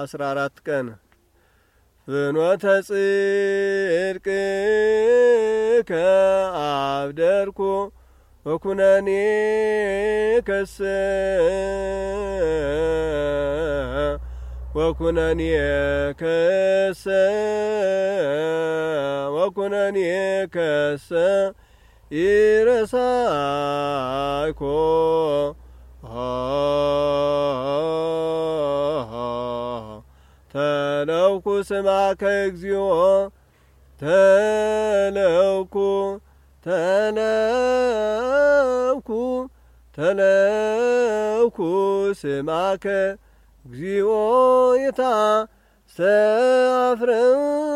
አስራ አራት ቀን ፍኖተ ጽድቅ ከአብደርኩ ወኩነኒ ከሰ ወኩነኒ ከሰ ወኩነኒ ከሰ ይረሳይኮ ተለውኩ ስማ ከእግዚኦ ተለውኩ ተለውኩ ተለውኩ ስማከ እግዚኦ የታ ሰፍርን